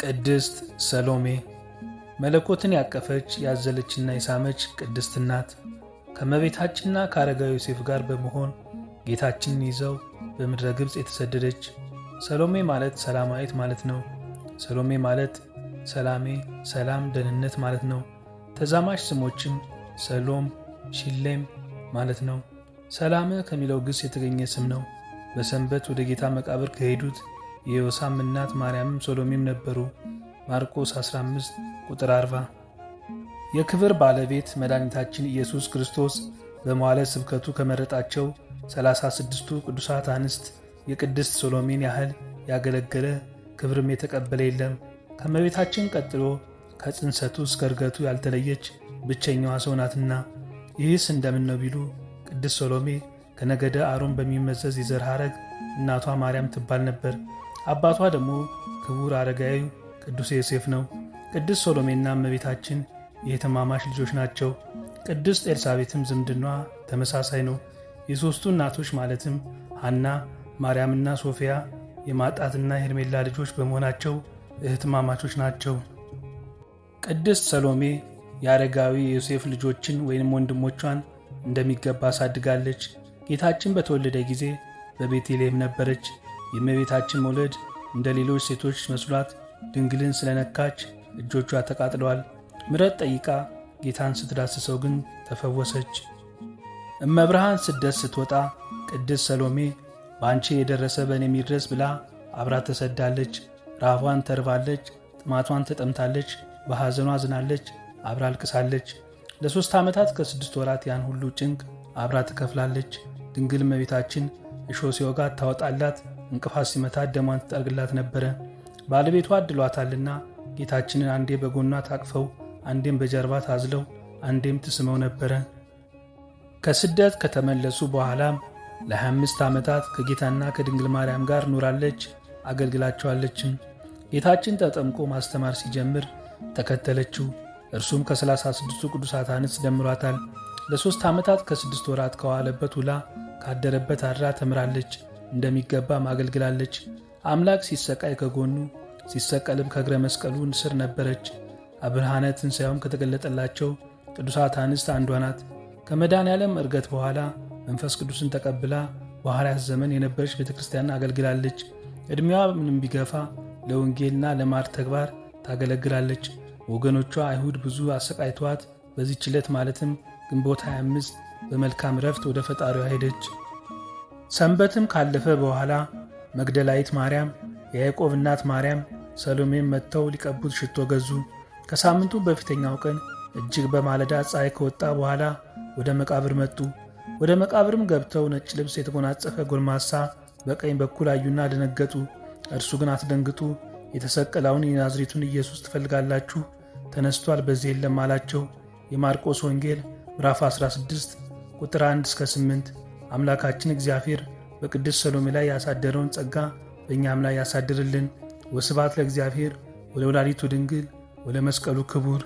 ቅድስት ሰሎሜ መለኮትን ያቀፈች ያዘለችና የሳመች ቅድስት እናት ከመቤታችንና ከአረጋዊ ዮሴፍ ጋር በመሆን ጌታችንን ይዘው በምድረ ግብፅ የተሰደደች ሰሎሜ ማለት ሰላማዊት ማለት ነው። ሰሎሜ ማለት ሰላሜ፣ ሰላም፣ ደህንነት ማለት ነው። ተዛማሽ ስሞችም ሰሎም፣ ሺሌም ማለት ነው። ሰላም ከሚለው ግስ የተገኘ ስም ነው። በሰንበት ወደ ጌታ መቃብር ከሄዱት የዮሳም እናት ማርያምም ሶሎሜም ነበሩ። ማርቆስ 15 ቁጥር 40። የክብር ባለቤት መድኃኒታችን ኢየሱስ ክርስቶስ በመዋለ ስብከቱ ከመረጣቸው 36ቱ ቅዱሳት አንስት የቅድስት ሶሎሜን ያህል ያገለገለ ክብርም የተቀበለ የለም። ከመቤታችን ቀጥሎ ከጽንሰቱ እስከ እርገቱ ያልተለየች ብቸኛዋ ሰው ናትና። ይህስ እንደምን ነው ቢሉ ቅድስት ሶሎሜ ከነገደ አሮን በሚመዘዝ የዘር ሐረግ እናቷ ማርያም ትባል ነበር። አባቷ ደግሞ ክቡር አረጋዊ ቅዱስ ዮሴፍ ነው። ቅድስት ሶሎሜና እመቤታችን የእህትማማች ልጆች ናቸው። ቅድስት ኤልሳቤትም ዝምድኗ ተመሳሳይ ነው። የሦስቱ እናቶች ማለትም ሐና፣ ማርያምና ሶፊያ የማጣትና ሄርሜላ ልጆች በመሆናቸው እህትማማቾች ናቸው። ቅድስት ሰሎሜ የአረጋዊ የዮሴፍ ልጆችን ወይም ወንድሞቿን እንደሚገባ አሳድጋለች። ጌታችን በተወለደ ጊዜ በቤተልሔም ነበረች። የእመቤታችን መውለድ እንደ ሌሎች ሴቶች መስሏት ድንግልን ስለነካች እጆቿ ተቃጥለዋል። ምረት ጠይቃ ጌታን ስትዳስሰው ግን ተፈወሰች። እመብርሃን ስደት ስትወጣ ቅድስት ሰሎሜ በአንቺ የደረሰ በእኔ የሚድረስ ብላ አብራ ተሰዳለች። ራቧን ተርባለች፣ ጥማቷን ተጠምታለች፣ በሐዘኗ አዝናለች፣ አብራ አልቅሳለች። ለሦስት ዓመታት ከስድስት ወራት ያን ሁሉ ጭንቅ አብራ ትከፍላለች። ድንግል እመቤታችን እሾህ ሲወጋ ታወጣላት፣ እንቅፋት ሲመታ ደሟን ትጠርግላት ነበረ። ባለቤቷ አድሏታልና ጌታችንን አንዴ በጎኗ ታቅፈው፣ አንዴም በጀርባ ታዝለው፣ አንዴም ትስመው ነበረ። ከስደት ከተመለሱ በኋላም ለ25 ዓመታት ከጌታና ከድንግል ማርያም ጋር ኑራለች፣ አገልግላቸዋለችም። ጌታችን ተጠምቆ ማስተማር ሲጀምር ተከተለችው። እርሱም ከ36ቱ ቅዱሳት አንስት ደምሯታል። ለሦስት ዓመታት ከስድስት ወራት ከዋለበት ውላ ካደረበት አድራ ተምራለች። እንደሚገባ ማገልግላለች። አምላክ ሲሰቃይ ከጎኑ ሲሰቀልም ከእግረ መስቀሉ ስር ነበረች። አብርሃነ ትንሣኤውም ከተገለጠላቸው ቅዱሳት አንስት አንዷ ናት። ከመድኃኔ እርገት በኋላ መንፈስ ቅዱስን ተቀብላ በሐዋርያት ዘመን የነበረች ቤተ ክርስቲያን አገልግላለች። ዕድሜዋ ምንም ቢገፋ ለወንጌልና ለማር ተግባር ታገለግላለች። ወገኖቿ አይሁድ ብዙ አሰቃይተዋት በዚህች ዕለት ማለትም ግንቦት 25 በመልካም ረፍት ወደ ፈጣሪዋ ሄደች። ሰንበትም ካለፈ በኋላ መግደላዊት ማርያም፣ የያዕቆብ እናት ማርያም፣ ሰሎሜም መጥተው ሊቀቡት ሽቶ ገዙ። ከሳምንቱ በፊተኛው ቀን እጅግ በማለዳ ፀሐይ ከወጣ በኋላ ወደ መቃብር መጡ። ወደ መቃብርም ገብተው ነጭ ልብስ የተጎናጸፈ ጎልማሳ በቀኝ በኩል አዩና ደነገጡ። እርሱ ግን አትደንግጡ፣ የተሰቀለውን የናዝሬቱን ኢየሱስ ትፈልጋላችሁ፣ ተነስቷል፣ በዚህ የለም አላቸው። የማርቆስ ወንጌል ምዕራፍ 16 ቁጥር 1 እስከ 8 አምላካችን እግዚአብሔር በቅድስት ሰሎሜ ላይ ያሳደረውን ጸጋ በእኛም ላይ ያሳድርልን። ወስብሐት ለእግዚአብሔር ወለወላዲቱ ድንግል ወለመስቀሉ ክቡር